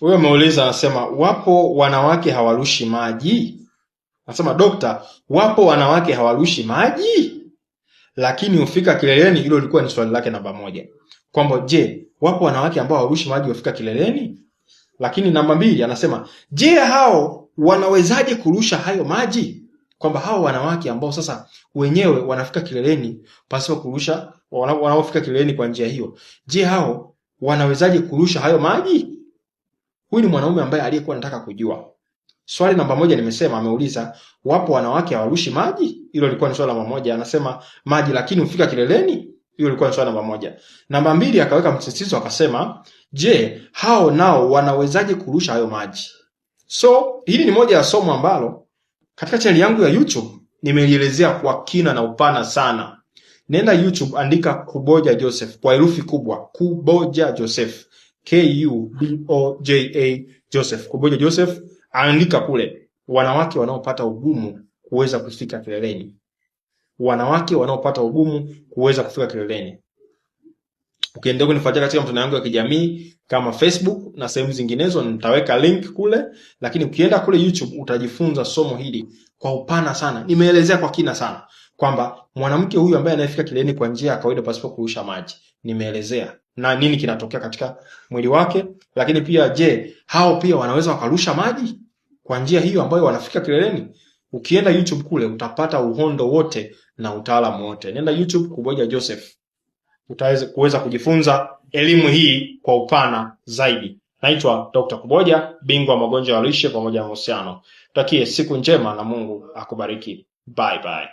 Huyo ameuliza anasema wapo wanawake hawarushi maji? Anasema dokta, wapo wanawake hawarushi maji? Lakini hufika kileleni, hilo lilikuwa ni swali lake namba moja. Kwamba je, wapo wanawake ambao hawarushi maji wafika kileleni? Lakini namba mbili anasema je, hao wanawezaje kurusha hayo maji? Kwamba hao wanawake ambao sasa wenyewe wanafika kileleni pasipo kurusha, wanaofika kileleni kwa njia hiyo, je, hao wanawezaje kurusha hayo maji? Huyu ni mwanaume ambaye aliyekuwa anataka kujua. Swali namba moja nimesema ameuliza wapo wanawake hawarushi maji? Hilo lilikuwa ni swali namba moja. Anasema maji lakini hufika kileleni? Hiyo ilikuwa ni swali namba moja. Namba mbili akaweka msisitizo akasema, je, hao nao wanawezaje kurusha hayo maji? So hili ni moja ya somo ambalo katika chaneli yangu ya YouTube nimelielezea kwa kina na upana sana. Nenda YouTube andika Kuboja Joseph kwa herufi kubwa, Kuboja Joseph. Kuboja Joseph, Kuboja Joseph aandika kule, wanawake wanaopata ugumu kuweza kufika kileleni, wanawake wanaopata ugumu kuweza kufika kileleni. Ukiendelea kunifuatia katika mtandao wangu wa kijamii kama Facebook na sehemu zinginezo, nitaweka link kule, lakini ukienda kule YouTube utajifunza somo hili kwa upana sana. Nimeelezea kwa kina sana kwamba mwanamke huyu ambaye anayefika kileleni kwa njia ya kawaida pasipo kurusha maji, nimeelezea na nini kinatokea katika mwili wake. Lakini pia je, hao pia wanaweza wakarusha maji kwa njia hiyo ambayo wanafika kileleni? Ukienda YouTube kule utapata uhondo wote na utaalamu wote. Nenda YouTube Kuboja Joseph utaweza kuweza kujifunza elimu hii kwa upana zaidi. Naitwa Dr. Kuboja, bingwa magonjwa ya lishe pamoja na mahusiano. Takie siku njema na Mungu akubariki. Bye bye.